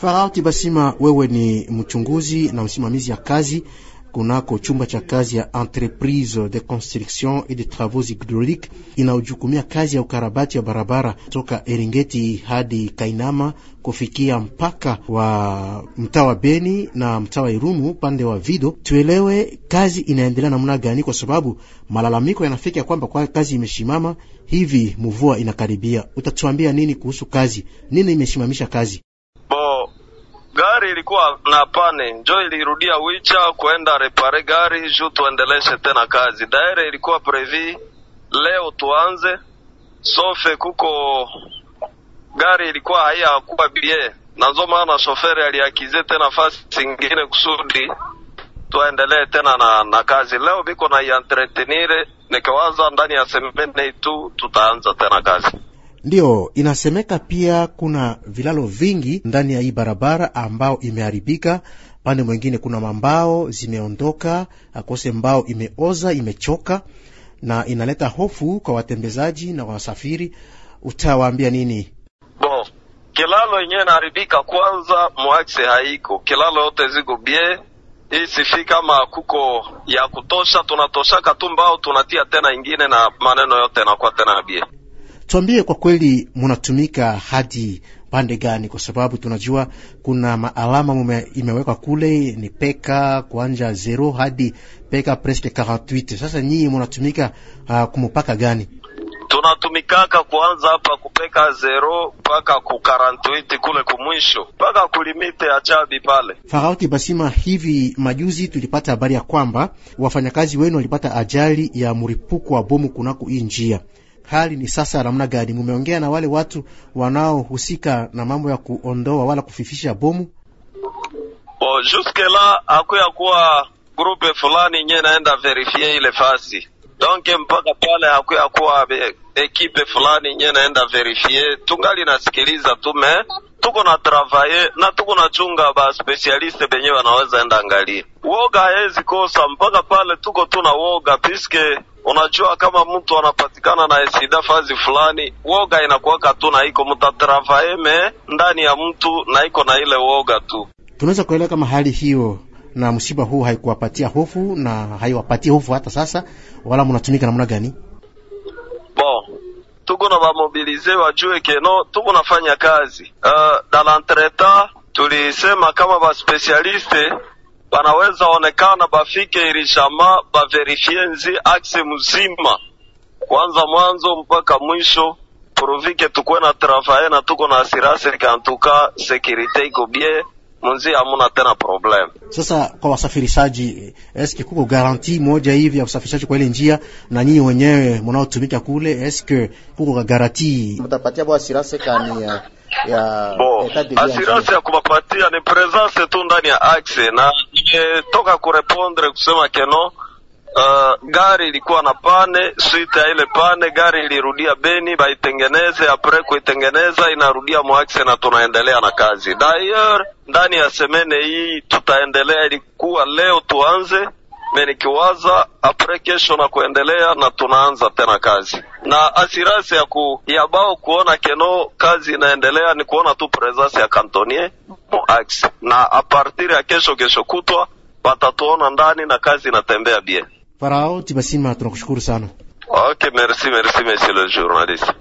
Farauti Basima, wewe ni mchunguzi na msimamizi ya kazi kunako chumba cha kazi ya entreprise de construction et de travaux hydrauliques inayojukumia kazi ya ukarabati wa barabara toka Eringeti hadi Kainama kufikia mpaka wa mtaa wa Beni na mtaa wa Irumu upande wa Vido. Tuelewe kazi inaendelea namna gani, kwa sababu malalamiko yanafika ya kwamba kwa kazi imeshimama hivi, mvua inakaribia. Utatuambia nini kuhusu kazi? Nini imeshimamisha kazi? bo gari ilikuwa na pane njo ilirudia wicha kuenda repare gari ju tuendeleshe tena kazi. daere ilikuwa previ leo tuanze sofe, kuko gari ilikuwa haiyakuwa bie nazo, maana shoferi aliakize tena fasi singine kusudi tuendelee tena na, na kazi leo biko na iantretenire nikiwaza ndani ya semene itu tutaanza tena kazi. Ndiyo, inasemeka pia kuna vilalo vingi ndani ya hii barabara ambao imeharibika. Pande mwingine kuna mambao zimeondoka, akose mbao imeoza imechoka, na inaleta hofu kwa watembezaji na wasafiri. Utawaambia nini? Bon, kilalo yenyewe inaharibika, kwanza mwaxe haiko, kilalo yote ziko bie hii sifi kama kuko ya kutosha, tunatoshaka tu mbao tunatia tena ingine na maneno yote nakuwa tena bie tuambie kwa kweli munatumika hadi pande gani? Kwa sababu tunajua kuna maalama mume imewekwa kule ni peka kuanja zero hadi peka presque 48. Sasa nyinyi munatumika uh, kumupaka gani? Tunatumikaka kuanza hapa kupeka zero mpaka ku 48 kule kumwisho mpaka kulimite ya chabi pale farauti basima. Hivi majuzi tulipata habari ya kwamba wafanyakazi wenu walipata ajali ya muripuku wa bomu kunako hii njia hali ni sasa namna gani? Mumeongea na wale watu wanaohusika na mambo ya kuondoa wala kufifisha bomu? Bo, juske la akuya kuwa grupe fulani nye naenda verifie ile fasi donke, mpaka pale akuya kuwa ekipe fulani nye naenda verifie. Tungali nasikiliza tume tuko na travaye na tuko na chunga ba specialiste benye wanaweza enda angalia. Woga hawezi kosa mpaka pale, tuko tuna woga piske Unajua, kama mtu anapatikana na sida fazi fulani, woga inakuwaka tu na iko mutatravaeme ndani ya mtu na iko na ile woga tu. Tunaweza kuelewa kama hali hiyo na msiba huu haikuwapatia hofu na haiwapatie hofu hata sasa, wala mnatumika namna gani? Bon, tuko na bamobilize wajue keno tuko nafanya kazi uh, eh, dalantreta tulisema kama baspesialiste banaweza onekana bafike irishama baverifie nzi axe mzima kwanza mwanzo mpaka mwisho provike tukwe na travaye na tuko na asirasiri kantuka sekirite iko bie munzi amuna tena problem. Sasa kwa wasafirishaji, eske kuko garanti moja hivi ya usafirishaji kwa ile njia, na nyinyi wenyewe mnaotumika kule, eske kuko garanti mtapatia bwa asirase kani ya ya bo asirase ya kubapatia ni presence tu ndani ya axe na Eh, toka kurepondre kusema keno uh, eh, gari ilikuwa na pane suite ya ile pane, gari ilirudia Beni baitengeneze. Apres kuitengeneza inarudia mwakse na tunaendelea na kazi. dayeur ndani ya semene hii tutaendelea, ilikuwa leo tuanze menikiwaza apres kesho na kuendelea, na tunaanza tena kazi na asirasi ya ku, ya bao kuona keno kazi inaendelea, ni kuona tu presence ya cantonier axe na a partir ya kesho kesho kutwa watatuona ndani na kazi inatembea bien. Farao Tibasima, tunakushukuru sana. Okay, merci merci monsieur le journaliste.